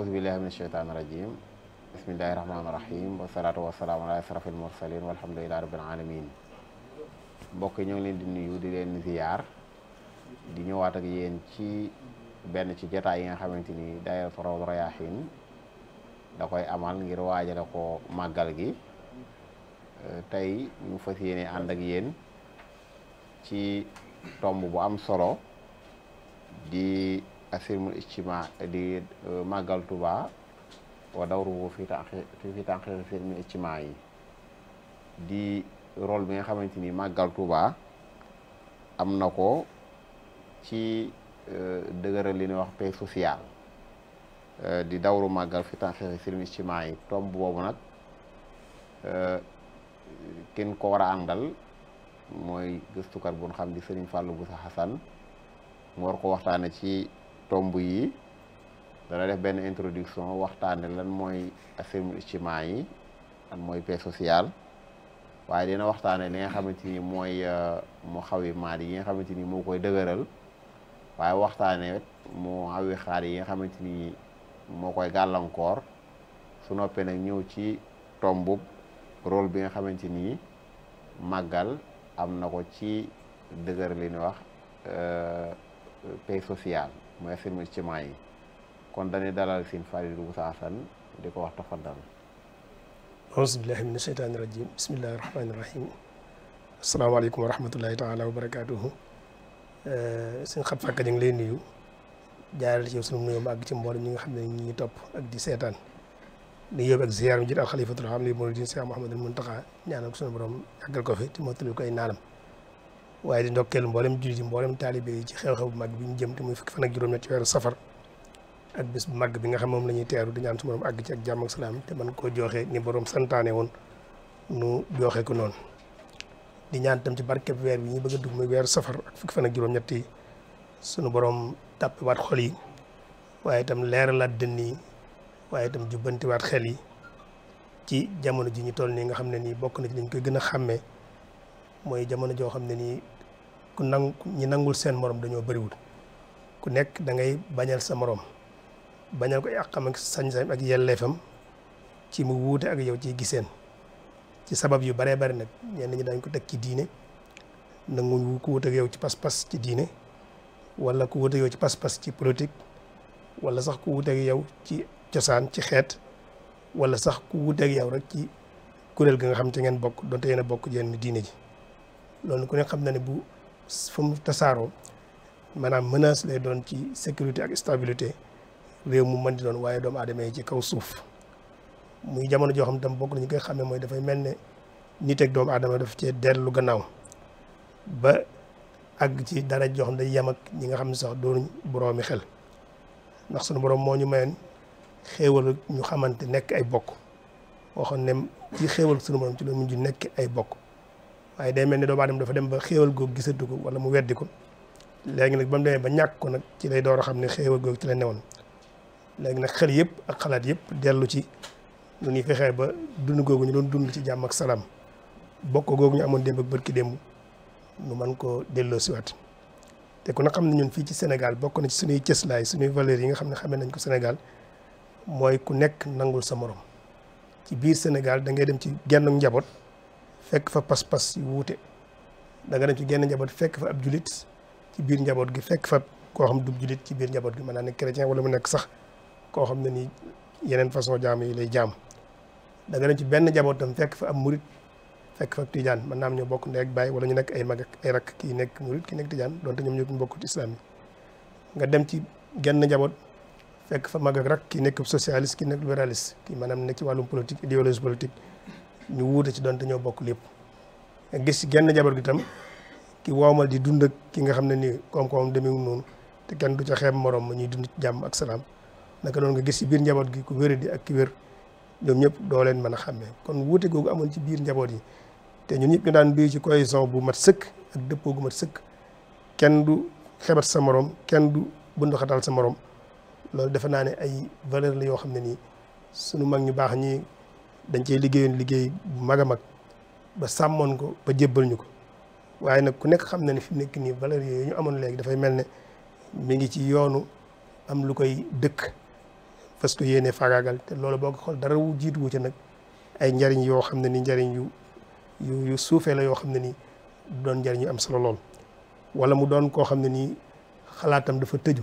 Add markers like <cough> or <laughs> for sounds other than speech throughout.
auzu billahi min sheytaani rajim bismillahi rahmaani rahim wasalaatu wasalaamu ala asrafil mursalin walhamdulilahi rabbil alamin mbokk yi ñoo ngi leen di nuyu di leen ziyaar di ñëwaat ak yéen ci benn ci jataay yi nga xamante ni daayira Rawdu Rayaahiin koy amal ngir waajale ko màggal gi tey ñu fas yéene ànd ak yéen ci tomb bu am solo di asirimul ijtima di euh, màggal Tuba wa dawruhu fi tanqi fi tanqi asirimul yi di rol bi nga xamante ni màggal Tuba am na ko ci euh, dëgëral li ñuy wax paix sociale euh, di dawru màggal fi tanqi asirimul ijtima yi tomb boobu nag kenn ko war a àndal mooy gëstukat bu ñu xam di Serigne Fallou Boussa Hassan mu war ko waxtaane ci tomb yi dana def benn introduction waxtaane lan mooy asirmu ijtimaa yi lan mooy paix sociale waaye na waxtaane li nga xamante ni mooy euh, mu xawi maat yi nga xamante ni moo koy dëgëral waaye waxtaane mu xawi xaar yi nga xamante ni moo koy gàllankoor su noppee nag ñëw ci tombub role bi nga xamante ni màggal am na ko ci dëgër li ñuy wax euh, paix sociale mooy filmu ijtimaa yi kon dañuy dalal Sëñ Faliilu Buso di ko wax tafaddal auzu billahi mina sheytaani rajim bismillahi rahmaani rahim asalaamaaleykum wa rahmatullahi taala wa barakaatuhu eh, suñ xat fàkka ñu ngi lay nuyu jaarale ci sunu ci mboolem ñi nga xam ne ñu ngi topp ak di seetaan di yóbbu ak ziyaar mi jit al xalifatul am li moo di Seex Muhammadul Muntaxa ñaanal ko sunu borom yàggal ko fi te moo tëlul ko ay naanam waaye di ndokkeel mboolem jullit yi mboolem taalibe yi ci xew-xew mag bi ñu jëm te muy fukki fan ak juróom-ñett ci weeru safar bis bu mag bi nga xam moom la ñuy teeru di ñaan su borom àgg ci ak jàmm ak salaam te man koo jooxe ni borom santaane woon nu jooxe ko noonu di ñaan tam ci barkeb weer bi ñu bëgg a dugg muy weeru safar ak fukki fan ak juróom-ñett yi sunu borom tàppiwaat xol yi waaye tam itam leeralaat dënn yi waaye itam jubbantiwaat xel yi ci jamono ji ñu toll nii nga xam ne nii bokk na ci dañ koy gën a xàmmee mooy jamono joo xam ne nii ku nangu ñi nangul seen morom dañoo bëriwul ku nekk da ngay bañal sa morom bañal ko àqam ak sañ-sañ ak yelleefam ci mu wuute ak yow ci giseen ci sabab yu baree bari nag ñenn ñi dañ ko teg ci diine nanguñ ku wuute ak yow ci pas-pas ci diine wala ku wuute ak yow ci pas-pas ci politique wala sax ku wuute ak yow ci cosaan ci xeet wala sax ku wuute ak yow rek ci kuréel gi nga xam ci ngeen bokk donte yéen a bokk yenn diine ji loolu ko ne xam na ne bu fa mu tasaaroo maanaam menace lay doon ci sécurité ak stabilité réew mu mën di doon waaye doomu adama yi ci kaw suuf muy jamono joo xam ne tam bokk nañu koy xamee mooy dafay mel ne nit ak doomu aadama daf cee dellu gannaaw ba àgg ci dara joo day yem ñi nga xam ne sax doonuñ boroomi xel ndax sunu boroom moo ñu mayoon xéewal ñu xamante nekk ay bokk waxoon ne ci xéewal sunu boroom ci la mujj nekk ay bokk waaye day mel ni doomu aadama dafa dem ba xéewal googu gisatu ko wala mu weddi ko léegi nag ba mu ba ñàkk ko nag ci lay door a xam ne xéewal googu ci la newoon léegi nag xel yëpp ak xalaat yëpp dellu ci nu ñuy fexee ba dund googu ñu doon dund ci jàmm ak salaam bokk googu ñu amoon démb ak ki démb nu man koo delloo siwaat te ko na xam ne ñun fii ci Sénégal bokk na ci suñuy cëslaay suñuy valeurs yi nga xam ne xamee nañ ko senegal mooy ku nekk nangul sa morom ci biir Sénégal da ngay dem ci genn njaboot fekk fa pas-pas yu wuute da nga dem ci genn njaboot fekk fa ab julit ci biir njaboot gi fekk fa koo xam du julit ci biir njaboot gi mën naa nekk chrétien wala mu nekk sax koo xam ne nii yeneen façon jaam yi lay jaam da nga dem ci benn njabootam fekk fa ab murit fekk fa tijaan mën naa am ñoo bokk ndey ak baay wala ñu nekk ay mag ak ay rakk kii nekk murit kii nekk tijaan donte ñoom ñoo bokk ci islam yi nga dem genn njaboot fekk fa mag ak nekk socialiste kii nekk libéraliste kii maanaam nekk ci wàllum politique idéologie politique ñu wuute ci donte ñoo bokk lépp gis genn jabar gi tam ki ma di dund ak ki nga xam ne nii koom-koomam demeewul noonu te kenn du ca xeeb morom ma ñuy dund ci jàmm ak salaam naka noonu nga gis ci biir njaboot gi ku wéradi ak ki wér ñëpp doo leen mën a xàmmee kon wuute googu amoon ci biir njaboot yi te ñun ñëpp ñu daan duy ci cohésion bu mat sëkk ak dëppoo gu mat sëkk kenn du xebat sa moroom kenn du bunduxatal sa moroom loolu defe naa ne ay valeur la yoo xam ne nii sunu mag ñu baax ñi dañ cee liggéeyoon liggéey bu mag a mag ba sàmmoon ko ba jébbal ñu ko waaye nag ku nekk xam na ni fi nekk nii valeur yooyu ñu amoon léegi dafay mel ne mu ngi ci yoonu am lu koy dëkk parce que yéene fagaagal te loolu boo ko xool dara wu jiitu wu ci nag ay njariñ yoo xam ne ni njariñ yu yu suufee la yoo xam ne nii doon njariñ yu am solo lool wala mu doon koo xam ne nii xalaatam dafa tëju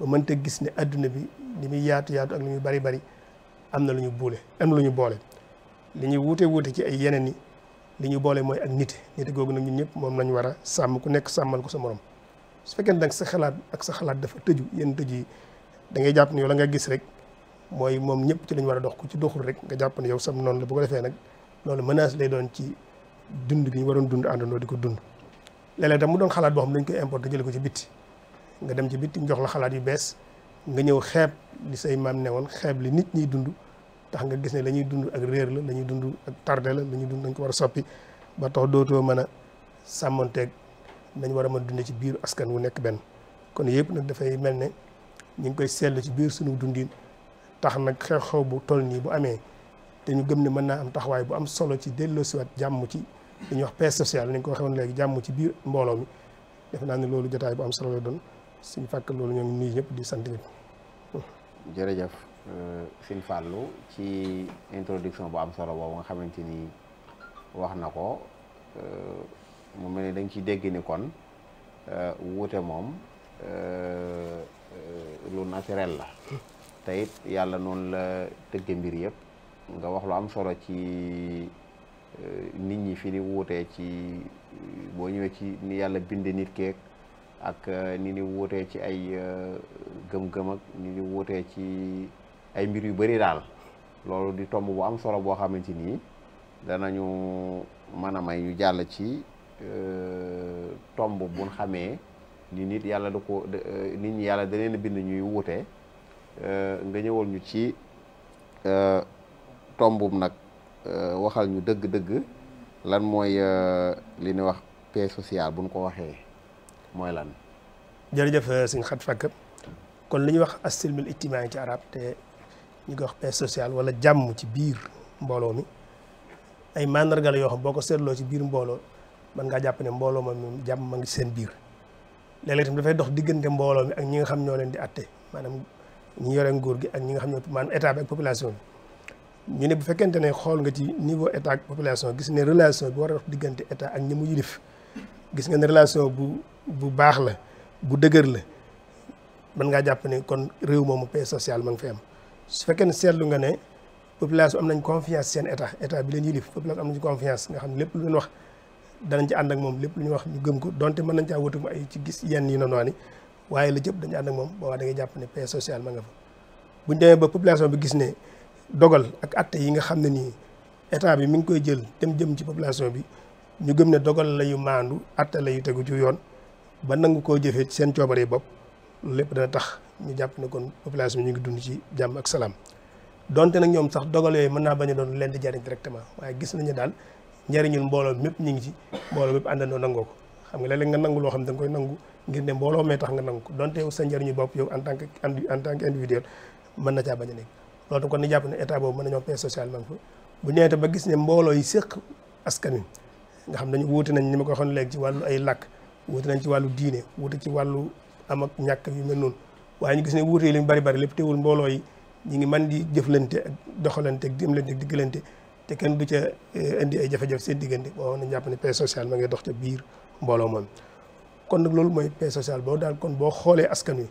ba mënta gis ne àdduna bi li muy yaatu yaatu ak li muy bari bari am na lu ñu buule am lu ñu boole li ñuy wuute wuute ci ay yeneen yi li ñu boole mooy ak nite nite googu nag ñu ñëpp moom lañu war a sàmm ku nekk sàmmal ko sa morom su fekkee nag sa xalaat ak sa xalaat dafa tëju yenn tëju yi da ngay jàpp ni yow la nga gis rek mooy moom ñëpp ci la war a dox ku ci doxul rek nga jàpp ne yow sama noon la bu ko defee nag loolu menace lay doon ci dund gi ñu waroon dund àndandoo di ko dund léeg-léeg tam mu doon xalaat boo xam dañ koy importé jële ko ci bitti nga dem ci bitti ñu la xalaat yu bees nga ñëw xeeb di say maam ne woon xeeb li nit ñiy dund tax nga gis ne la ñuy dund ak réer la lañuy dund ak tardé la la ñuy dund dañ ko war a soppi ba tax dootoo mën a sàmmonteeg nañ war a mën dund ci biir askan wu nekk benn kon yëpp nag dafay mel ne ñu ngi koy seetlu ci biir sunu dundin tax nag xew-xew bu toll nii bu amee te ñu gëm ni mën naa am taxawaay bu am solo ci delloosiwaat jàmm ci li ñuy wax paix sociale ni ñu ko waxee woon léegi jàmm ci biir mbooloo mi def naa ne loolu jotaay bu am solo la doon suñ fakk loolu ñoo ngi nuyu di sant ñëpp. jërëjëf euh, Sëñ Fallou ci introduction bu am solo boobu nga xamante ni wax na ko euh, mu mel ni dañ ciy dégg kon euh, wuute moom lu naturel la te yàlla noonu la tëgge mbir yëpp nga wax lu am solo ci nit ñi fi ni wuutee ci boo ñëwee ci ni yàlla binde nit keek ak euh, ni ni wutee ci ay euh, gëm-gëm ak ni ni wutee ci ay mbir yu bëri daal loolu di tomb bu am solo boo xamante ni danañu mën a may ñu jàll ci euh, tomb buñ xamee ni nit yàlla da ko nit ñi yàlla da leen a bind ñuy wute nga ñëwal ñu ci tombum nag waxal ñu dëgg-dëgg lan mooy li ñuy wax paix sociale buñ ko waxee mooy lan. jërëjëf euh, sëñ xat fakk kon li ñuy wax asilmul ijtimaay ci arab te ñu koy wax paix sociale wala jàmm ci biir mbooloo mi ay mandarga la yoo xam boo ko seetloo ci biir mbooloo mën ngaa jàpp ne mbooloo ma moom jàmm ma ngi seen biir léeg-léeg itam dafay dox diggante mbooloo mi ak ñi nga xam ñoo leen di atte maanaam ñi yore nguur gi ak ñi nga xam ñoo maan état bi ak population ñu ne bu fekkente ne xool nga ci niveau état ak population gis ne relation bi war a dox diggante état ak ñi mu yilif gis nga ne relation bu bu baax la bu dëgër la man ngaa jàpp ne kon réew moomu paix sociale ma nga fay am su fekkee ne seetlu nga ne population am nañ confiance seen état état bi leen yilif population am nañ confiance nga xam ne lu wax danañ ci ànd ak lépp lu ñu wax ñu gëm ko donte mën nañ caa wëtu ay ci gis yenn yi noonu ni waaye la jëpp dañu ànd ak moom boo da ngay jàpp ne paix sociale ma nga fa buñ demee ba population bi gis ne dogal ak atte yi nga xam ne nii état bi mi ngi koy jël dem jëm ci population bi ñu gëm ne dogal la yu maandu atte la yu tegu ci yoon ba nangu koo jëfee seen coobare bopp loolu lépp dana tax ñu jàpp ne kon population bi ñu ngi dund ci jàmm ak salaam donte nag ñoom sax dogal yooyu mën naa bañ a doon leen di jariñ directement waaye gis nañu daal njariñul mbooloo mépp ñu ngi ci mbooloo mépp àndandoo nangoo ko xam nga léeg-léeg nangu loo xam da nga koy nangu ngir ne mbooloo mee tax nga nangu ko donte sa njariñu bopp yow en tant que en tant que individuel mën na caa bañ a nekk loolu kon ni jàpp ne état boobu mën nañoo paix sociale ma ngi fa bu ñëwee ba gis ne mboolooy yi séq askan wi nga xam ne ñu wuute nañ ni ma ko waxoon léegi ci wàllu ay làkk wuute nañ ci wàllu diine wuute ci wàllu am ak ñàkk yu mel noonu waaye ñu gis ne wuute yi lañ bari bari lépp teewul mbooloo ñu ngi man di jëflante ak doxalante ak dimlante ak diggalante te kenn du ca eh, indi ay jafe-jafe seen diggante boo xam ne jàpp ne paix sociale ma ngay dox ca biir mbooloo moom kon nag loolu mooy sociale boo daal kon boo xoolee askan wi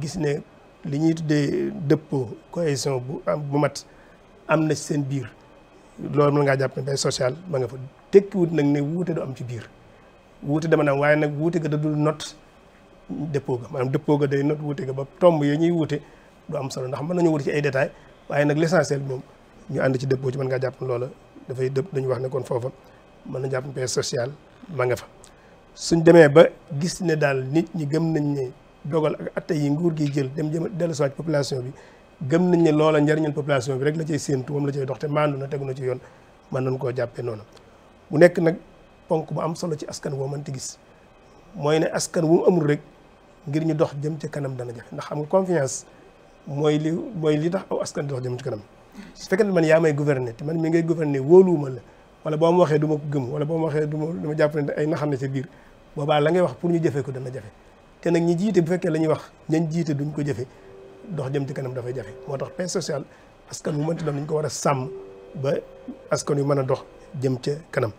gis ne li ñuy tuddee dëppoo cohésion bu am bu mat am na seen biir loolu mën ngaa jàpp ne paix sociale ma nga fa tekkiwut nag ne wuute du am ci biir wuute dama naam waaye nag wuute ga da dul not dëppoo ga maanaam dëppoo ga day not wute ga ba tomb yooyu ñuy wute du am solo ndax mën nañu wuute ci ay détails waaye nag l'essentiel moom ñu ànd ci dëppoo ci mën ngaa jàpp loola dafay dëpp dañu wax ne kon foofa mën na jàpp paix sociale ma nga fa suñ demee ba gis ne daal nit ñi gëm nañ ne dogal ak atta yi nguur gi jël dem jëm dellusiwaat population bi gëm nañ ne loola njariñul population bi rek la cay séentu moom la cay dox te maandu na tegu na ci yoon mën nañ koo jàppee noonu bu nekk nag ponk bu am solo ci askan woo mënti gis mooy ne askan wu amul rek ngir ñu dox jëm ci kanam dana jafe ndax xam nga confiance mooy li mooy li tax aw askan dox jëm ci kanam su fekkee ne man yaa may gouverner te man mi ngay gouverner wóoluwuma la wala boo ma waxee du ma ko gëm wala boo ma waxee du ma du ma jàpp ne ay ne ca biir boobaa la ngay wax pour ñu jëfee ko dana jafe te nag ñi jiite bu fekkee la ñuy wax ñañ jiite duñ ko jëfe dox jëm ci kanam dafay jafe moo tax paix sociale askan wu mënti doon dañ ko war a sàmm ba askan yu mën a dox jëm ca kanam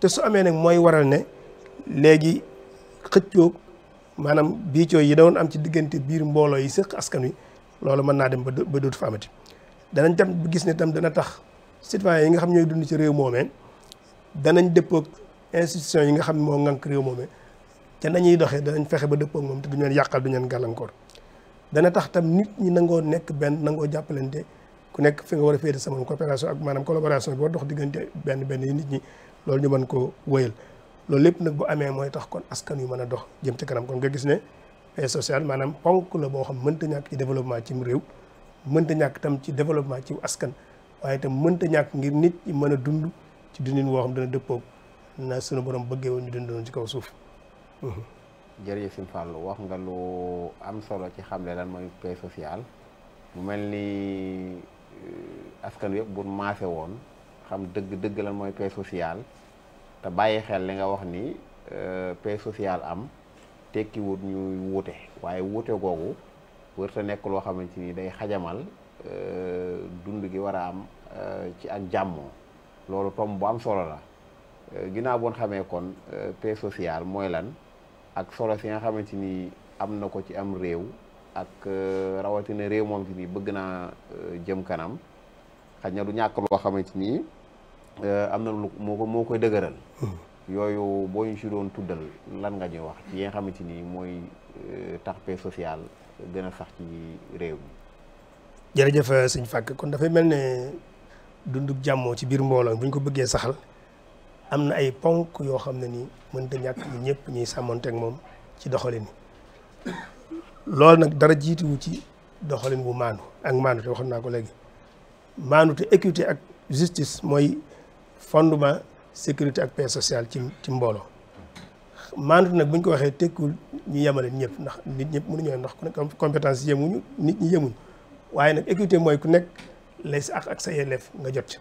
te su amee nag mooy waral ne léegi xëccoo maanaam biicoo yi doon am ci diggante biir mbooloo yi sëq askan wi loolu mën naa dem ba dootu fa amati danañ tam gis ne tam dana tax citoyen yi nga xam ñooy dund ci réew moomee danañ dëppook institution yi nga xam moo ŋànk réew moomee te nañuy doxee danañ fexe ba dëppook moom te duñ leen yàqal du leen gàllankoor dana tax tam nit ñi nangoo nekk benn nangoo jàppalante ku nekk fi nga war a féete sa moom coopération ak maanaam collaboration bi war dox diggante benn benn yi nit ñi loolu ñu man ko wëyal loolu lépp nag bu amee mooy tax kon askan yu mën a dox jëm ci kanam kon gis ne paix sociale maanaam ponk la boo xam mënta ñàkk ci développement ci réew mënta ñàkk tam ci développement ci askan waaye itam mënta ñàkk ngir nit ñi mën a dund ci dundin woo xam dana dëppoog na sunu borom bëggee woon ñu dundoon ci kaw suuf mhm. jërëjëf Sëñ Fallu wax nga lu am solo ci xamle lan mooy paix sociale mu mel ni Euh, askan yëpp bu maase woon xam dëgg dëgg lan mooy paix sociale te bàyyi xel li nga wax ni euh, paix sociale am tekki wut ñuy wuute waaye wuute googu wërta nekk loo xamante ni day xajamal euh, dund gi war a am ci ak jàmmoo loolu tom bu am solo la ginnaaw boon xamee kon paix sociale mooy lan ak solo si nga xamante ni am na ko ci am réew ak euh, rawatina réew moom ci nii bëgg naa euh, jëm kanam xaj na du ñàkk loo xamante ni euh, am na lu moo ko koy dëgëral. Hmm. yooyu boo ñu si doon tuddal lan nga ñuy wax ci yi nga xamante ni mooy tax paix sociale gën a sax ci réew mi. jërëjëf sëñ Fàkk kon dafay mel ne dunduk jàmmoo ci biir mbooloo bu ñu ko bëggee saxal am na ay ponk yoo xam ne ni mënta ñàkk ñun ñëpp ñuy sàmmonteeg moom ci doxalin. loolu nag dara jiituwu ci doxalin bu maanu ak maandu te waxoon naa ko léegi maandu te ak justice mooy fondement sécurité ak paix ci ci mbooloo maandu nag bu ko waxee tekkul ñu yemale ñëpp ndax nit ñëpp mënuñoo ndax ku nekk compétence yemuñu nit ñi yemuñu waaye nag mooy ku nekk lay sa ak ak sa yelleef nga jot ci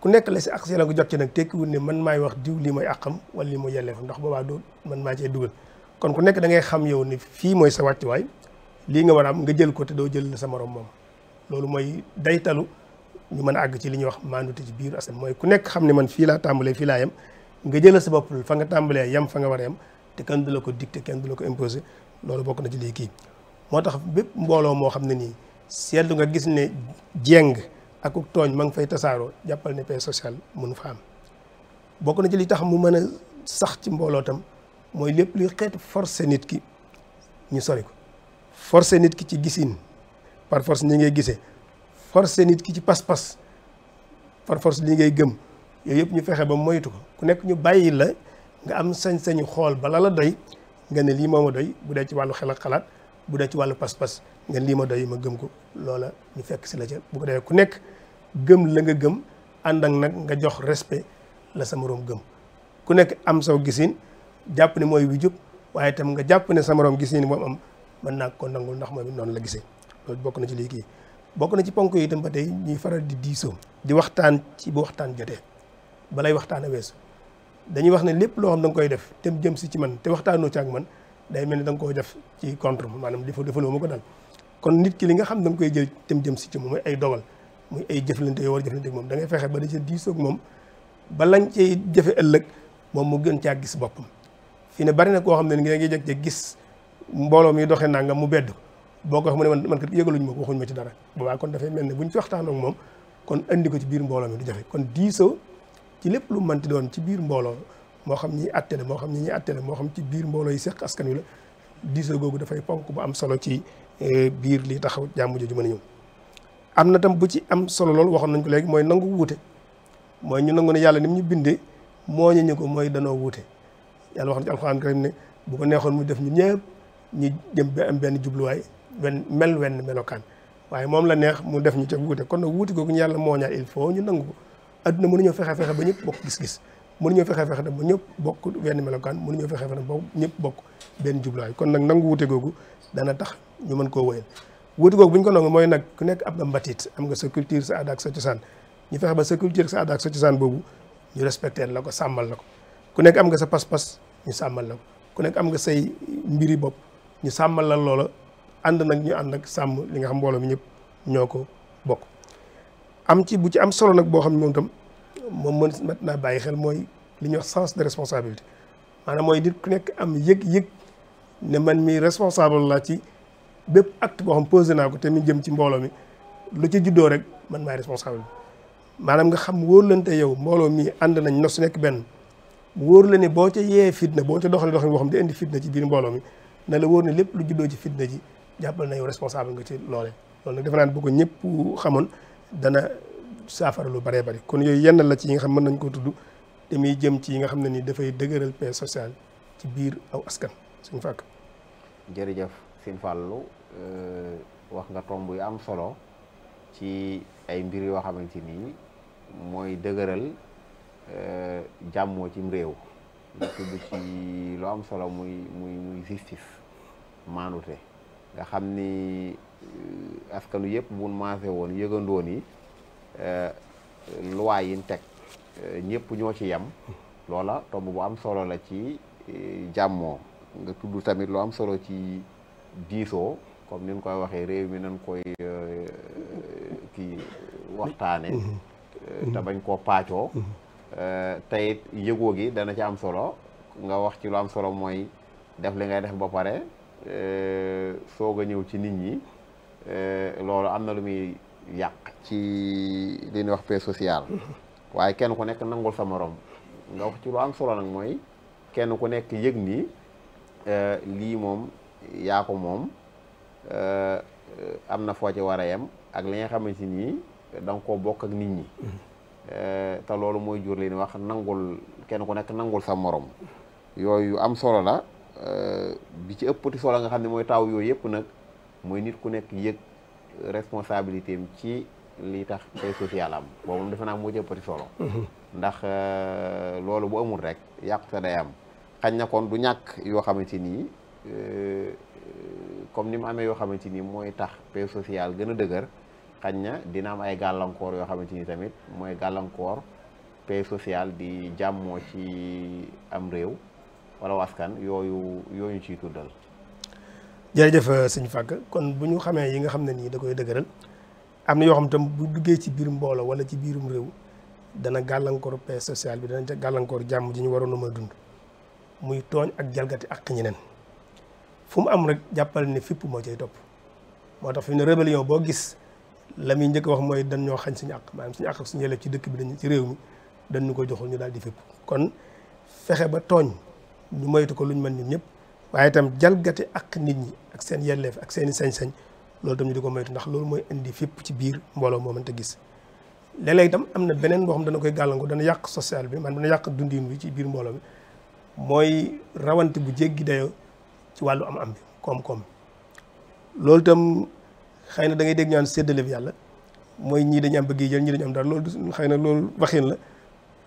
ku nekk la si ak jot ci nag tekkiwul ne man maay wax diw lii mooy àqam wala lii mooy yelleefam ndax boobaa doo man maa cee dugal kon ku nekk da ngay xam yow ni fii mooy sa wàccuwaay lii nga war a am nga jël ko te doo jël sa morom moom loolu mooy day daytalu ñu mën a àgg ci li ñuy wax maandute ci biir askan mooy ku nekk xam ne man fii laa tàmbalee fii laa yem nga jël sa bopp fa nga tàmbalee yam fa nga war a yem te kenn du la ko dicté kenn du la ko imposé loolu bokk na ci lii kii moo tax bépp mbooloo moo xam ne nii seetlu nga gis ne jeng ak tooñ ma ngi fay tasaaroo jàppal ne paix sociale mun fa am bokk na ci li tax mu mën a sax ci mbooloo tam mooy lépp luy xeet forcé nit ki ñu sori ko force nit ki ci gisin par force ni ngay gisee forcé nit ki ci pas-pas par force lii ngay gëm yooyu yëpp ñu fexe ba moytu ko ku nekk ñu bàyyi la nga am sañ-sañu xool bala la doy nga ne lii moo ma doy bu dee ci wàllu xel xalaat bu dee ci wàllu pas-pas nga lii ma doy ma gëm ko loola ñu fekk si la ca bu ko defee ku nekk gëm la nga gëm ànd ak nag nga jox respe la sa moroom gëm ku nekk am saw gisin jàpp ne mooy bi waaye tam nga jàpp ne sa morom gis ni moom am man naa ko nangul ndax moom noonu la gisee loolu bokk na ci léegi bokk na ci ponk yi tam ba tey ñuy faral di diisoo di waxtaan ci bu waxtaan jotee balay waxtaan a weesu dañuy wax ne lépp loo xam da koy def te jëm si ci man te waxtaanoo ci ak man day mel ni da nga koo def ci contre maanaam defa defaloo ma ko daal kon nit ki li nga xam danga koy jël te jëm si ci moom mooy ay dogal muy ay jëflante yoo war a moom da ngay fexe ba da ca diisoo moom ba lañ cay jëfe ëllëg moom mu gën caa gis boppam fii ne bari na koo xam ne da ngi jékki-jékki gis mbooloo mi doxee nangam mu bedd boo ko wax mu ne man man kat yëgaluñ ma ko waxuñ ma ci dara boobaa kon dafay mel ne buñ ci waxtaanoo ak moom kon andi ko ci biir mbooloo mi du jafe kon diisoo ci lépp lu manti doon ci biir mbooloo moo xam ñi atte la moo xam ñi ñuy moo xam ci biir mbooloo yi seq askan wi la diisoo googu dafay ponk bu am solo ci eh, biir lii taxaw jàmm jooju ma a ñëw am na tam bu ci am solo loolu waxoon nañ ko léegi mooy nangu wuute mooy ñu nangu ne yàlla ni mu ñu bindee moo ñu ko mooy danoo wuute yàlla wax na ci alxuraan bu ko neexoon mu def ñu ñëpp ñu jëm am benn jubluwaay benn mel wenn melokaan waaye moom la neex mu def ñu ca wuute kon nag wuute googu ñu yàlla moo ñaar il faut ñu nangu ko adduna fexe fexe ba ñëpp bokk gis-gis mënuñoo fexe fexe ba ñëpp bokk benn melokaan mënuñoo fexe fexe ba ñëpp bokk benn jubluwaay kon nag nangu wuute googu dana tax ñu mën koo wëyal wuute googu bu ñu ko nangu mooy nag ku nekk ab nga mbatiit am nga sa culture sa aada ak sa cosaan ñu fexe ba sa culture sa aada ak sa cosaan boobu ñu respecté la ko sàmmal la ko ku nekk am nga sa pas-pas ñu sàmmal la ko ku nekk am nga say mbiri bopp ñu sàmmal la loola ànd nag ñu ànd ak sàmm li nga xam mbooloo mi ñëpp ñoo ko bokk. am ci bu ci am solo nag boo xam ne moom itam moom mën mat naa bàyyi xel mooy li ñuy wax sens de responsabilité maanaam mooy nit ku nekk am yëg-yëg ne man mi responsable la ci bépp acte boo xam posé naa ko te mi jëm ci mbooloo mi lu ci juddoo rek man maay responsable maanaam nga xam wóorlante yow mbooloo mi ànd nañ nos nekk benn. mu wóor la ne boo ca yee fitna boo ci doxalee doxalin boo xam ne di indi fitna ci biir mbooloo mi na la wóor ne lépp lu juddoo ci fitna ji jàppal na yow responsable nga ci loolee. loolu nag defe naa ne bu ko ñëpp xamoon dana saafara lu bëree bëri kon yooyu yenn la ci yi nga xam mën nañ ko tudd te muy jëm ci yi nga xam ne nii dafay dëgëral paix sociale ci biir aw askan suñ fàkk. jërëjëf Sëñ Fallou wax nga tomb yu am solo ci ay mbir yoo xamante nii mooy dëgëral. Euh, jàmmoo cim réew ñu tudd ci lu am solo muy muy muy justice maanute nga xam ni euh, askanu yëpp buñ maase woon yëgandoo ni euh, loi yi ñu teg ñëpp ñoo ci yem loola tomb bu am solo la ci jàmmoo nga tudd tamit lu am solo ci diiso comme ni ñu koy waxee réew mi nañ koy kii waxtaane mm-hmm. te bañ koo paacoo mm-hmm. Euh, tey it yëgoo gi dana ci am solo nga wax ci lu am solo mooy def li ngay def ba pare euh, soog a ñëw ci nit ñi euh, loolu am na lu muy yàq ci li ñuy wax paix sociale <laughs> waaye kenn ku nekk nangul sa morom nga wax ci lu am solo nag mooy kenn ku nekk yëg ni lii moom yaa ko moom am na foo ci war a yem ak li nga xamante ni nii nga koo bokk ak nit ñi mm-hmm. Eh, te loolu mooy jur li ni wax nangul kenn ku nekk nangul sa morom yooyu am solo la eh, bi ci ëppati solo nga xam ne mooy taaw yooyu yëpp nag mooy nit ku nekk yëg responsabilité ci lii tax ay social am boobu moom defe moo ci ëppati solo mhm. ndax eh, loolu bu amul rek yàqu sa am xañ na kon du ñàkk yoo xamante nii comme ni mu amee yoo xamante nii mooy tax paix sociale gën a dëgër xañ na dina am ay gàllankoor yoo xamante ni tamit mooy gàllankoor paix sociale di jàmmoo ci am réew wala waskan yooyu yooyu ciy tuddal. jërëjëf euh, sëñ Fakk kon bu ñu xamee yi nga xam ne nii da koy dëgëral am na yoo xam tam bu duggee ci biir mbooloo wala ci biirum réew dana gàllankoor paix sociale bi dana gàllankoor jàmm ji ñu waroon a mën a dund muy tooñ ak jalgati ak ñeneen fu mu am rek jàppal ne fipp moo cay topp moo tax fi ne rébellion boo gis. la muy njëkk wax mooy dañ ñoo xañ suñu àq maanaam suñu àq ak suñu yelleef ci dëkk bi dañ ci réew mi dañ ko joxul ñu daal di fépp kon fexe ba tooñ ñu moytu ko lu ñu mën ñun ñëpp waaye tam jalgati ak nit ñi ak seen yelleef ak seen i sañ-sañ loolu tam ñu di ko moytu ndax loolu mooy indi fépp ci biir mbooloo moo mënta gis léeg-léeg itam am na beneen boo xam dana koy gàllankoor dana yàq social bi man dana yàq dundin bi ci biir mbooloo mi mooy rawante bu jéggi dayoo ci wàllu am am bi xëy na dangay ngay dégg ñaan séddale bi yàlla mooy ñii dañu am bëgg jël ñii dañu am dara loolu xëy na loolu waxin la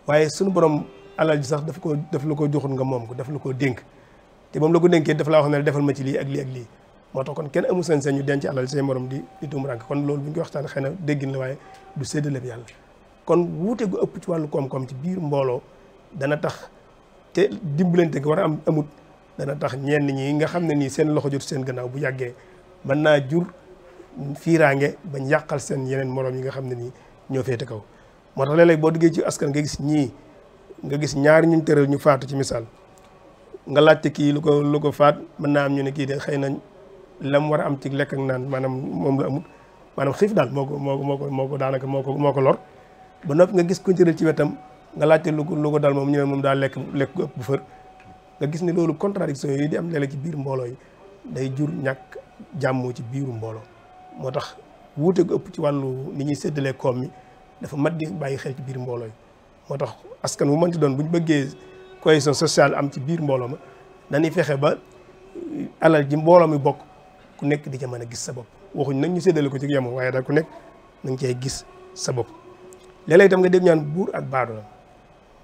waaye suñu borom alal ji sax daf ko daf lu ko joxoon nga moom ko daf lu ko dénk te moom la ko dénkee daf laa wax ne defal ma ci lii lii ak lii moo tax kon kenn amul sañ sañ ñu denc alal say morom di di tumurànk kon loolu bu ñu ko waxtaan xëy na déggin la waaye du séddale bi yàlla kon wuute gu ëpp ci wàllu koom-koom ci biir mbooloo dana tax te dimbalante gi war a am amut dana tax ñenn ñi nga xam ne nii seen loxo jot seen gannaaw bu yàggee mën naa jur fiiraange bañ yàqal seen yeneen moroom yi nga xam ne nii ñoo feete kaw moo tax léeg-léeg boo duggee ci askan nga gis ñii nga gis ñaari ñu tëral ñu faatu ci misaal nga laajte kii lu ko lu ko faat mën naa am ñu ne kii de xëy na lam war a am ci lekk ak naan maanaam moom la amul maanaam xiif daal moo ko moo ko moo moo daanaka moo ko moo ko lor ba noppi nga gis kuñ tëral ci wetam nga laajte lu ko lu ko dal moom ñu ne moom daa lekk lekk gu ëpp bu fër nga gis ni loolu contradiction yooyu di am léeg biir mbooloo day jur ñàkk jàmm ci biiru mbooloo moo tax wuute ëpp ci wàllu ni ñuy seddalee koom mi dafa mat di bàyyi xel ci biir mboolooy moo tax askan wu mënti doon bu ñu bëggee cohésion sociale am ci biir mbooloo ma dañuy fexe ba alal ji mbooloo mi bokk ku nekk di ca mën a gis sa bopp waxuñ nag ñu séddale ko ci yem waaye daal ku nekk na nga cay gis sa bopp léeg-léeg itam nga dégg ñaan buur ak baadoola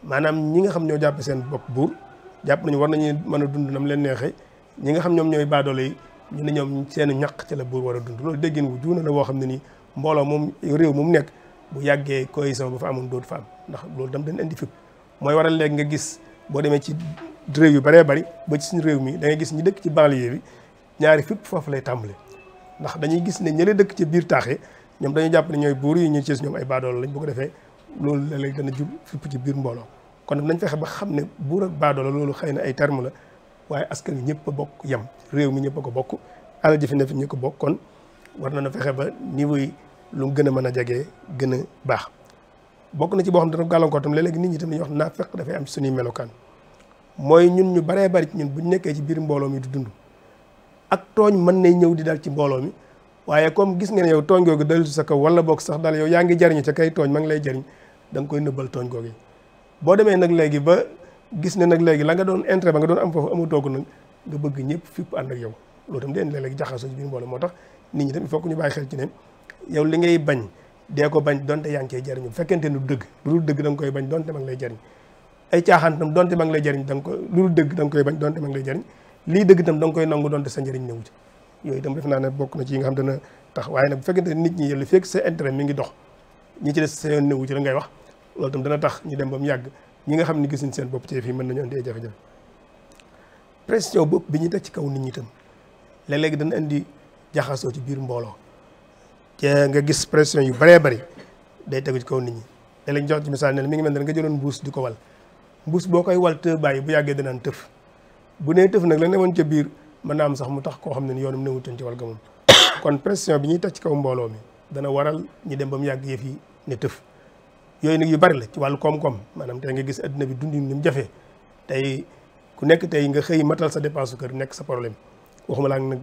maanaam ñi nga xam ñoo jàpp seen bopp buur jàpp nañu war nañu mën a dund nam leen neexee ñi nga xam ñoom ñooy baadoola yi ñu ne ñoom seen ñaq ci la buur war a dund loolu déggin wu juuna la woo xam ne nii mbooloo moom réew moom nekk bu yàggee cohésion ba fa amoon dootu fa am ndax loolu dam dañ indi fi mooy waral léegi nga gis boo demee ci réew yu bëree bari ba ci suñu réew mi da ngay gis ñi dëkk ci banlieue bi ñaari fépp foofu lay tàmbale ndax dañuy gis ne ñële dëkk ci biir taaxee ñoom dañu jàpp ne ñooy buur yi ñu ci ñoom ay baadoolo lañ bu ko defee loolu la lay gën a jub fépp ci biir mbooloo kon nañ fexe ba xam ne buur ak baadoolo loolu xëy na ay terme la waaye askan wi ñëpp bokk yem réew mi ñëpp a ko bokk alal ji fi ne fi ñu ko bokk kon war na na fexe ba niveau yi lu gën a mën a jege gën a baax bokk na ci boo xam ne dafa gàllankoor tam léeg-léeg nit ñi tam li ñuy wax naa fekk dafay am ci suñuy melokaan mooy ñun ñu baree bari ci ñun bu ñu nekkee ci biir mbooloo mi di dund ak tooñ mën nay ñëw di dal ci mbooloo mi waaye comme gis nga ne yow tooñ googu dalitu sa kaw wala bokk sax daal yow yaa ngi jariñu ca kay tooñ ma ngi lay jariñ da koy nëbbal tooñ googu boo demee gis ne nag léegi la nga doon intérêt ba nga doon am foofu amatoo ko nag nga bëgg ñëpp fipp ànd ak yow loolu tam den léeg-léeg moo tax nit ñi tam il ñu bàyyi xel ci ne li ngay bañ dee ko bañ donte yaa ngi cey jariñu fekkente nu dëgg lu dëgg da koy bañ donte ma ngi lay jariñ ay caaxaan donte ma ngi lay jariñ da nga ko lu dëgg da nga koy bañ donte ma ngi lay jariñ lii dëgg tam da nga koy nangu donte sa njëriñ newu ci yooyu itam def ne bokk na ci nga xam dana tax waaye nag bu fekkente nit ñi yëlli fekk sa intérêt mi ngi dox ñi ci des sa yoon newu ci la ngay wax loolu dana tax ñu dem ba mu yàgg ñi nga xam ne gisuñ seen bopp ci fii mën nañu andi ay jafe-jafe bi ñuy teg ci kaw nit ñi tam léeg-léeg dana indi jaxasoo ci biir mbooloo te nga gis pression yu bëree bëri day tegu ci kaw nit ñi léeg-léeg jox ci misaal ne mi ngi mel ne nga jëloon mbuus di ko wal mbuus boo koy wal te bàyyi bu yàggee danaan tëf bu nee tëf nag la newoon ca biir mën naa am sax mu tax koo xam ne ni yoonam newutoon ci wal ga moom <coughs> kon pression bi ñuy teg ci kaw mbooloo mi dana waral ñu dem ba mu yàgg yëf yi ne tëf yooyu nag yu bari la ci wàllu koom-koom maanaam tey nga gis adduna bi dundin ni mu jafee tey ku nekk tey nga xëy matal sa dépense su kër nekk sa problème waxuma laa nag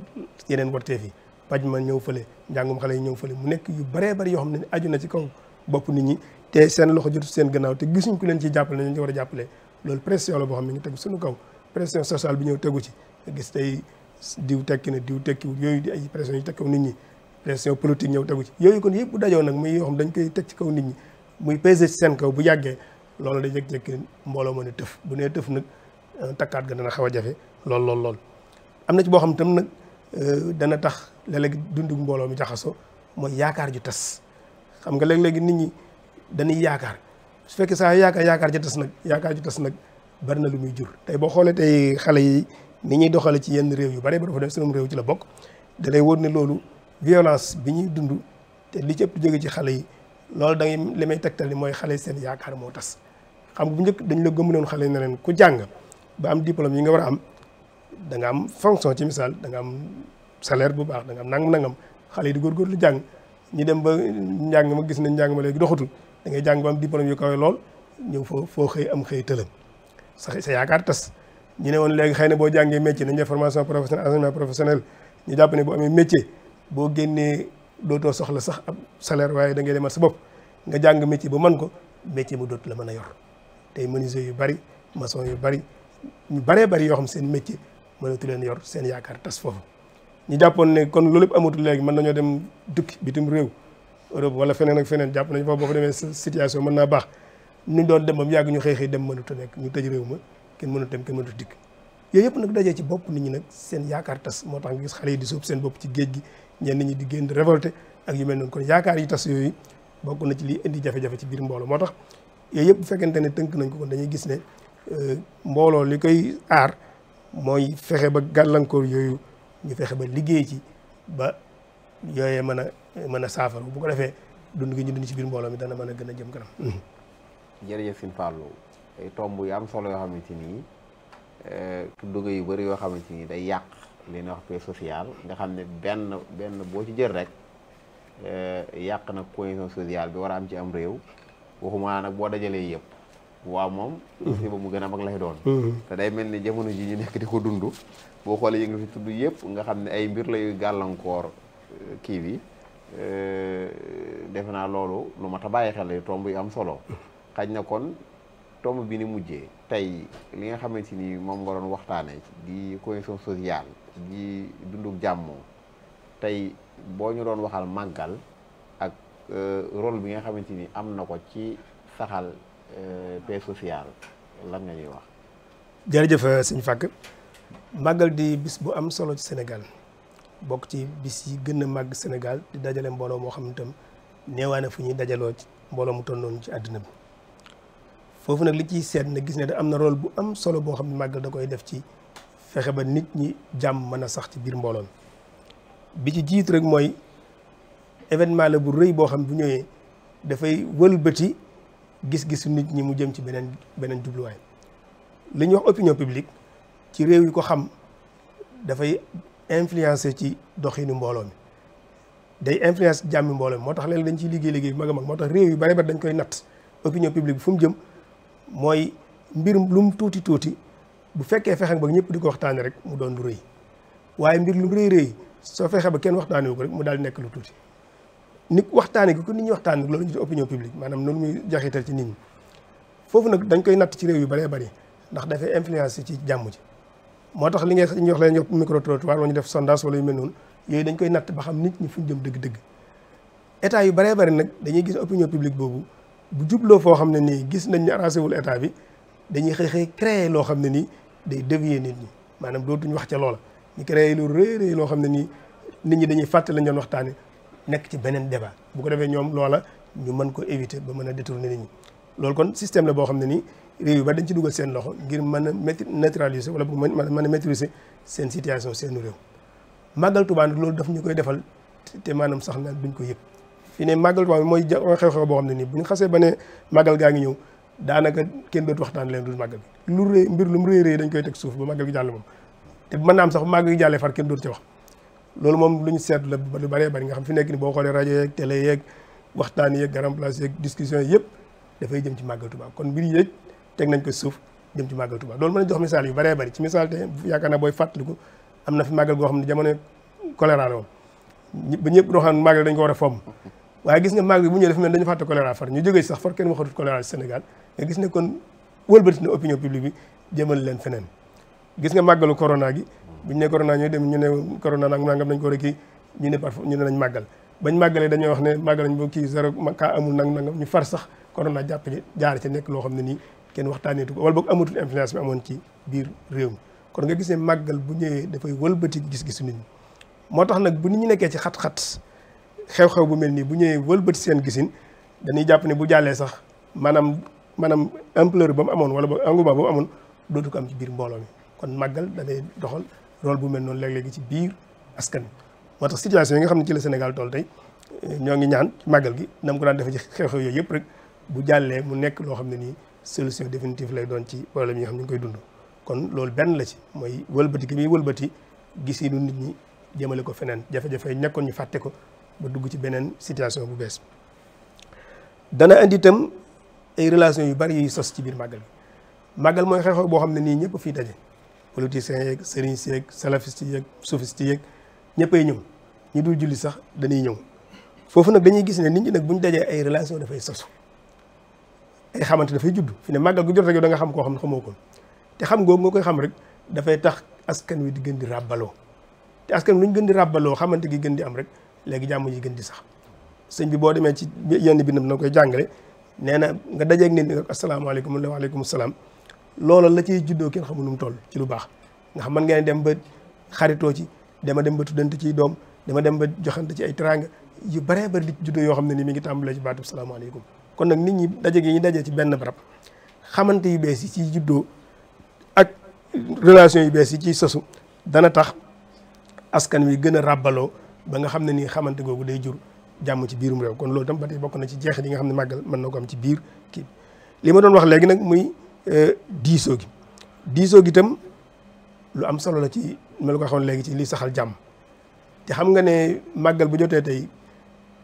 yeneen warteef yi paj ma ñëw fële njàngum xale yi ñëw fële mu nekk yu baree bari yoo xam ne aju na ci kaw bopp nit ñi te seen loxo jotu seen gannaaw te gisuñ ku leen ci war a jàppale loolu pression la boo xam ne ngi tegu suñu kaw pression sociale bi ñëw tegu ci gis tey diw tekki na diw tekkiwu yooyu di ay pression yu teg nit ñi pression politique ñëw tegu ci yooyu kon yëpp dajoo nag muy yoo dañ koy teg ci kaw nit ñi muy pesé ci seen kaw bu yàggee loolu da jékki-jékki mbooloo ma ne tëf bu nee tëf nag euh, takkaat ga dana xaw a jafe lool lool lool. am na ci boo xam tam nag euh, dana tax léeg-léeg dundug mbooloo mi jaxasoo mooy yaakaar ju tas xam nga léeg-léegi nit ñi dañuy yaakaar su fekkee saa yaakaar yaakaar ju tas nag yaakaar ju tas nag bari na lu muy jur tey boo xoolee tey xale yi nit ñuy doxale ci yenn réew yu bare ba dafa def seen réew ci la bokk da lay wóor loolu violence bi ñuy dund te li ci jóge ci xale yi. loolu dangay li may tegtal ni mooy xale seen yaakaar moo tas xam bu njëkk dañ la gëmuloon xale ne leen ku jàng ba am diplôme yi nga war a am da am fonction ci misaal da nga am salaire bu baax da am nangam-nangam xale yi di góorgóorlu jàng ñi dem ba njàng ma gis nañ njàng ma léegi doxatul da ngay jàng ba am diplôme yu kawe lool ñëw foo foo xëy am xëy tëlëm sa sa yaakaar tas ñu ne woon léegi xëy na boo jàngee métier nañ def formation professionnelle enseignement professionnel ñu jàpp ne boo amee métier boo génnee dootoo soxla sax ab salaire waaye da ngay demal sa bopp nga jàng métier ba man ko métier mu dootu la mën a yor tey menuisier yu bari maçon yu bari ñu baree bari yoo xam seen métier mënatu leen yor seen yaakaar tas foofu. ñu jàppoon ne kon loolu yëpp amatul léegi mën nañoo dem dukki bitim réew Europe wala feneen ak feneen jàpp nañu foofu boo fa demee situation mën naa baax ñu doon dem ba mu yàgg ñu xëy xëy dem mënatu nekk ñu tëj réew ma kenn mënatu dem kenn mënatu dikk. yooyu yëpp nag dajee ci bopp nit ñi nag seen yaakaar tas moo tax nga gis xale yi di sóob seen bopp ci géej gi ñenn ñi di génn révolté ak yu mel noonu kon yaakaar yi tas yooyu bokk na ci li indi jafe-jafe ci biir mbooloo yooyu yëpp bu fekkente ne tënk nañ ko kon dañuy gis ne euh, mbooloo li koy aar mooy fexe ba gàllankoor yooyu ñu fexe ba liggéey ci ba yooyee mën a mën a saafara bu ko defee dund gi ñu dund ci biir mbooloo mi dana mën a gën a jëm kanam. jërëjëf Sëñ Fallou ay tomb yu am solo yoo xamante ni. Euh, tudduga yu bëri yoo xamante ni day yàq li ñuy wax paix sociale nga xam ne benn benn boo ci jël rek euh, yàq na cohésion sociale bi war a am ci am réew waxuma nag boo dajalee yëpp waaw moom mhm. si ba mu gën a mag lay doon mhm. te day mel ni jamono ji ñu nekk di ko dund boo xoolee yi nga fi tudd yëpp nga xam ne ay mbir la yuy gàllankoor euh, kii bi defe naa loolu lu mat a bàyyi xel tomb yu am solo mhm. xaj na kon tomb bi ni mujjee tey li nga xamante ni moom nga doon waxtaanee di cohésion sociale di dundu jàmmoo tey boo ñu doon waxal màggal ak euh, rôle bi nga xamante ni am na ko ci saxal euh, paix sociale lan nga ñuy wax. jërëjëf euh, sëñ Fàkk màggal di bis bu am solo ci Sénégal bokk ci bis yi gën a màgg Sénégal di dajale mbooloo moo xam ne tam neewaane fu ñuy dajaloo ci mbooloo mu toll noonu ci àddina bi. foofu nag li ciy seet na gis ne da am na rôle bu am solo boo xam ne màggal da koy def ci fexe ba nit ñi jàmm mën a sax ci biir mbooloon bi ci jiit rek mooy événement la bu rëy boo xam bu ñëwee dafay wëlbati gis-gisu nit ñi mu jëm ci beneen beneen jubluwaay li ñuy wax opinion publique ci réew yi ko xam dafay influencer ci doxinu mbooloo mi day influence jàmmi mbooloo mi moo tax léeg dañ ciy liggéey liggéey bi mag a mag moo tax réew yu bare bari dañ koy natt opinion publique bi fu mu jëm mooy mbirum mu tuuti tuuti bu fekkee fexe ba ñëpp di ko waxtaanee rek mu doon lu rëy waaye mbir lu rëy rëy soo fexe ba kenn waxtaanee ko rek mu daal nekk lu tuuti. ni waxtaanee ko nit ñi waxtaanee loolu ñu ci opinion maanaam noonu muy jaxital ci nit ñi foofu nag dañ koy natt ci réew yu bëree bëri ndax dafay influence ci jàmm ji. moo tax li ngay ñu wax leen micro trottoir wala ñu def sondage wala yu mel noonu yooyu dañ koy natt ba xam nit ñi fu ñu jëm dëgg-dëgg état yu bëree bëri nag dañuy gis opinion publique boobu. bu jubloo foo xam ne nii gis nañ ne arrangé wul état bi dañuy xëy xëy créer loo xam ne nii day dévier nit ñi maanaam dootuñ wax ca loola ñu créer lu loo xam ne nii nit ñi dañuy fàtte lañ doon waxtaane nekk ci beneen débat bu ko defee ñoom loola ñu mën ko éviter ba mën a détourner nit ñi loolu kon système la boo xam ne nii réew yi ba dañ ci dugal seen loxo ngir mën a neutraliser wala bu mën a maîtriser seen situation seen réew màggal Tuubaa nag loolu daf ñu koy defal te maanaam sax na duñ ko yëg fi ne màggal Tuubaa bi mooy xew-xew boo xam ne nii bu ñu xasee ba ne màggal gaa ngi ñëw daanaka kenn dootu waxtaan leen dul màggal gi lu mbir lu mu rëy rëy dañ koy teg suuf ba màggal gi jàll moom te mën naa am sax bu màggal gi jàllee far kenn dootu ci wax loolu moom lu ñu seet la lu bëree bëri nga xam fi nekk ni boo xoolee rajo yeeg télé yeeg waxtaan yeeg grand place yeeg discussion yëpp dafay jëm ci màggal Tuubaa kon mbir yëpp teg nañ ko suuf jëm ci màggal Tuubaa loolu mën a jox misaal yu baree bari ci misaal te yaakaar naa booy fàttaliku am na fi màggal goo xam ne jamono choléra la woon ba ñëpp doo xam màggal dañ ko war a fomm waaye gis nga maag bi bu ñëwee dafa mel dañu fàtte choléra far ñu jógee sax far kenn gis ne kon wëlbati na opinion publique jëmal leen feneen gis nga màggalu corona gi buñ ne corona ñooy dem ñu ne corona nag nangam dañ ko rek kii ñu ne parfois ñu ne nañ màggal bañ màggalee dañoo wax ne màggal nañ bo kii zéro cas amul nang nangam ñu far sax corona jàpp ci jaar ci nekk loo xam ne nii kenn waxtaaneetu ko wala boog amatul influence bi amoon ci biir réew mi kon nga gis màggal bu ñëwee dafay wëlbati gis-gisu nit moo tax nag bu nit ñu nekkee ci xat-xat xew-xew bu mel nii bu ñëwee wëlbati seen gisin dañuy jàpp ne bu jàllee sax maanaam maanaam ampleur ba mu amoon wala ba engouement ba mu amoon dootu ko am ci biir mbooloo mi kon màggal danay doxal rôle bu mel noonu léeg-léegi ci biir askan moo tax situation yi nga xam ne ci la Sénégal tool tey ñoo ngi ñaan màggal gi nam ko daan defe ci xew-xew yooyu yëpp rek bu jàllee mu nekk loo xam ne nii solution définitive lay doon ci problème yi nga xam ne ñu koy dund kon loolu benn la ci mooy wëlbati gi muy wëlbati gisiinu nit ñi jëmale ko feneen jafe-jafe nekkoon ñu fàtte ko ba dugg ci beneen situation bu bees dana indi itam ay relations yu bari yuy sos ci biir màggal bi màggal mooy xew-xew boo xam ne nii ñëpp fii daje politiciens yeeg sëriñ si yeeg salafiste yeeg soufiste yeeg ñëppay ñëw ñu dul julli sax dañuy ñëw foofu nag dañuy gis ne nit ñu nag bu dajee ay relation dafay sosu ay xamante dafay judd fi ne màggal gu jot rek yow da nga xam koo xam ne xamoo ko te xam googu nga koy xam rek dafay tax askan wi di gën di ràbbaloo te askan wi gën di ràbbaloo xamante gi gën di am rek léegi jàmm ji gën di sax sëñ bi boo demee ci yenn bindam na koy jàngale nee na nga dajeeg nit ñi nga asalaamaaleykum wa waaleykum salaam loola la ciy juddoo kenn xamul nu mu toll ci lu baax nga mën ngeen dem ba xaritoo ci dama dem ba tuddante ci doom dama dem ba joxante ci ay teraanga yu baree bari di juddoo yoo xam ne ni mi ngi tàmbalee ci baatu salaamaaleykum kon nag nit ñi daje gi ñu daje ci benn barab xamante yu bees yi ci juddoo ak relation yu bees yi ci sosu dana tax askan wi gën a ràbbaloo ba nga xam ne nii xamante googu day jur jàmm ci biirum réew kon loolu tam ba tey bokk na ci jeexit yi nga xam ne màggal mën na ko am ci biir kii li ma doon wax léegi nag muy euh, diisoo gi diisoo gi itam lu am solo la ci ma waxoon léegi ci li saxal jàmm te xam nga ne màggal bu jotee tey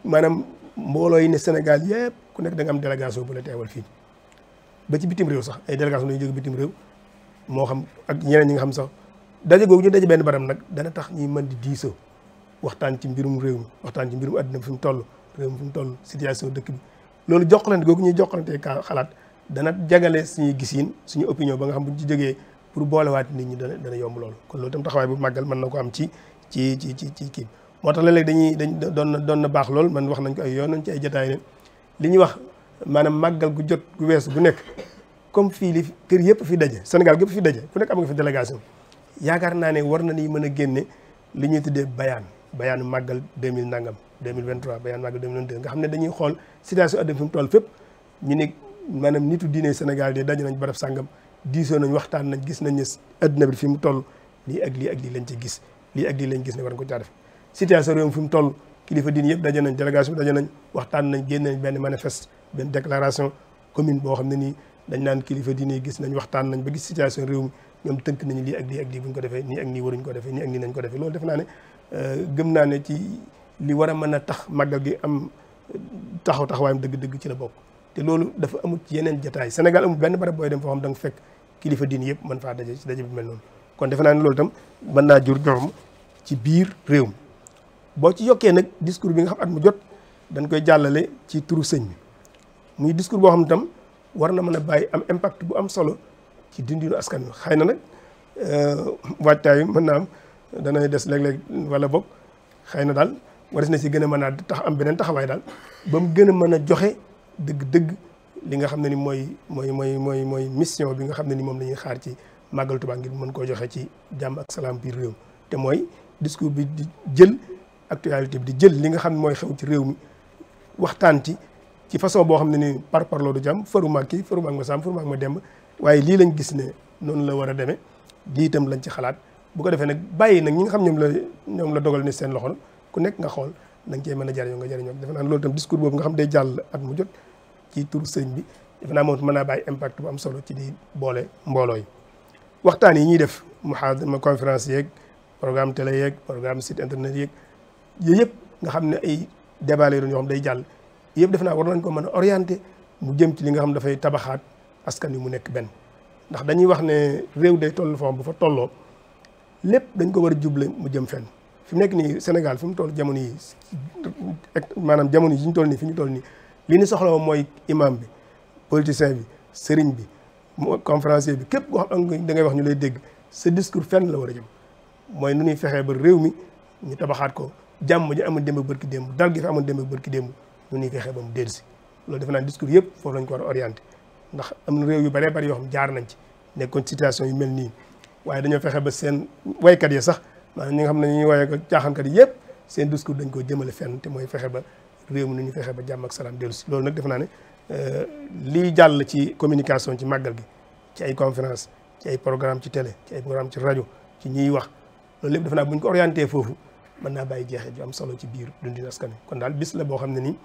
maanaam mbooloo yi ne Sénégal yëpp ku nekk da am délégation bu la teewal fii ba ci bitim réew sax ay délégation dañuy jóge bitim réew moo xam ak ñeneen ñi nga xam sax daje googu ñu daje benn baram nag dana tax ñuy mën di diisoo waxtaan ci mbirum réew mi waxtaan ci mbirum àddina bi fi mu toll réew mi fi mu toll situation dëkk bi loolu jokkalante googu ñuy jokkalante ka xalaat dana jagale suñuy gisiin suñu opinion ba nga xam bu ñu ci jógee pour boolewaat nit ñi dana dana yomb loolu kon loolu tam taxawaay bu màggal mën na ko am ci ci ci ci ci kii moo tax léeg-léeg dañuy dañ doon na doon na baax lool man wax nañ ko ay yoon nañ ci ay jotaay li ñuy wax maanaam màggal gu jot gu weesu gu nekk comme fii li kër yëpp fi daje Sénégal yëpp fi daje ku nekk am nga fi délégation yaakaar naa ne war na ni mën a génne li ñuy tuddee bayaan bayaanu màggal 2000 mil 2023 bayaanu màggal 2022 nga xam ne dañuy xool situation adduna fi mu toll fépp ñu ne maanaam nitu diine Sénégal de daje nañ barab sàngam diisoo gis nañ ne adduna bi fi mu toll lii ak lii ak lii lañ ci gis lii ak lii lañ gis ne ko caa def situation réew fi mu toll kilifa diine yëpp daje nañ délégation bi daje waxtaan nañ génn benn manifeste benn déclaration commune boo xam ne nii dañ naan kilifa diine gis nañ waxtaan nañ ba gis situation réew mi ñoom tënk nañ lii ak lii ak lii buñ ko defee nii ak nii waruñ ko defee nii ak nii nañ ko defee loolu def naa ne gëm naa ne ci li war a mën a tax màggal gi am taxaw taxawaayam dëgg-dëgg ci la bokk te loolu dafa amul ci yeneen jataay Sénégal amul benn barab booy dem foo xam da fekk kilifa diin yëpp mën faa daje ci daje bi mel noonu kon defe naa ne loolu tam mën naa jur jorom ci biir réew mi boo ci yokkee nag discours bi nga xam at mu jot dañ koy jàllale ci turu sëñ bi muy discours boo xam tam war na mën a bàyyi am impact bu am solo ci dindinu askan wi xëy na nag euh, waajtaay mën naa am danay des léeg-léeg wala boog xëy na daal waris na si gën a mën a tax am beneen taxawaay daal ba mu gën a mën a joxe dëgg-dëgg li nga xam ne ni mooy mooy mooy mooy mooy mission bi nga xam ne ni moom la ñuy xaar ci màggal Tuubaa ngir mën koo joxe ci jàmm ak salaam biir réew te mooy discours bi di jël actualité bi di jël li nga xam mooy xew ci réew mi waxtaan ci ci façon boo xam ne ni par parloo du jàmm faru maag kii faru maag ma saam faru maag ma demb waaye lii lañ gis ne noonu la war a demee lii lañ ci xalaat bu ko defee nag bàyyi nag ñi nga xam ñoom la ñoom la dogal ni seen loxol ku nekk nga xool na nga cee mën a jariñoo nga jariñoo defe naa loolu tam discours boobu nga xam day jàll mu jot sëñ bi defe naa mën naa bàyyi impact bu am solo ci di boole mbooloo yi waxtaan yi ñuy def muhaadama conférence yeeg programme télé yeeg programme site internet yeeg yooyu yëpp nga xam ne ay débat lay day jàll yëpp defe naa war nañ ko mën a orienté mu jëm ci li nga xam dafay tabaxaat askan wi mu nekk benn ndax dañuy wax ne réew day toll foofu bu fa tolloo lépp dañ ko war a juble mu jëm fenn fi mu nekk nii Sénégal fi mu toll jamono yi maanaam jamono yi ñu toll nii fi ñu toll nii li ñu soxla woon mooy imam bi politicien bi sëriñ bi conférencier bi képp koo xam da ngay wax ñu lay dégg sa discours fenn la war a jëm mooy nu ñuy fexee ba réew mi ñu tabaxaat ko jàmm ji amoon démb bërki démb dal gi fi amoon démb bërki démb nu nuy fexee ba mu dellu si loolu defe naa discours yëpp foofu lañ ko war a ndax am na réew yu bëree bëri yoo xam jaar nañ ci nekkoon situation yu mel nii waaye dañoo fexe ba seen waykat yi sax maanaam ñi nga xam ne ñuy woyee ko caaxaankat yi yëpp seen discours dañ koo jëmale fenn te mooy fexe ba réew mi nu ñu fexe ba jàmm ak salaam dellu si loolu nag defe naa ne euh, lii jàll ci communication ci màggal gi ci ay conférence ci ay programme ci télé ci ay programme ci rajo ci ñiy wax loolu lépp defe naa bu ñu ko orienté foofu man naa bay jeexee ju am solo ci biir dundin askan wi kon daal bis la boo xam ne nii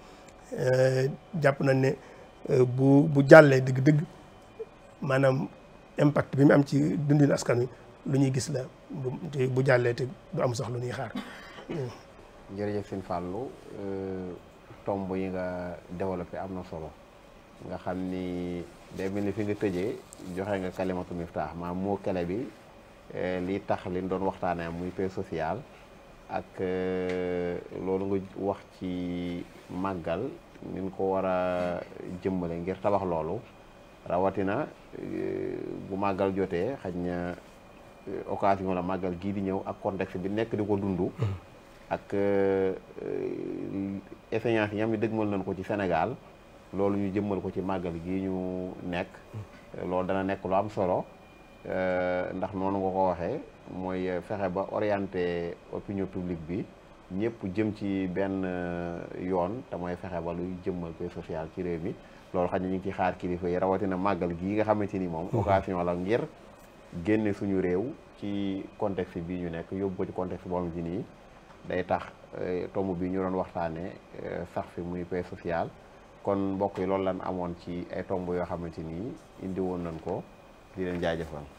euh, jàpp nañ ne euh, bu jàllee dëgg-dëgg impact bi mu am ci dundin askan wi lu ñuy gis la bu bu jàllee te du am sax lu ñuy xaar. jërëjëf sëñ Fallou euh, tomb yi nga développé am na solo nga xam ni day mel ni fi nga tëjee joxe nga kalimatu miftaax maam moo kele bi euh, lii tax li doon waxtaanee muy paix sociale ak euh, loolu nga wax ci màggal nin ko war a jëmbale ngir tabax loolu. rawatina euh, bu màggal jotee xañ na euh, occasion la màggal gii di ñëw ak contexte bi nekk di ko dundu mm-hmm. ak euh, expérience yi nga xam ne dëgmal nañ ko ci senegal loolu ñu jëmmal ko ci màggal gii ñu nekk. Mm-hmm. loolu dana nekk lu am solo ndax noonu nga ko waxee mooy fexe ba orienté opinion publique bi ñëpp jëm ci benn yoon te mooy fexe ba luy jëmmal paix sociale ci réew mi. loolu xaj ñu ngi ci xaar kilifa yi rawatina màggal gii nga xamante ni moom occasion la ngir génne suñu réew ci contexte bii ñu nekk yóbbu ko ci contexte boobu ji nii day tax eh, tomb bi ñu doon waxtaanee eh, sax fi muy paix sociale kon mbokk yi loolu lan amoon ci ay tomb yoo xamante ni indi woon nañ ko di leen jaajëfal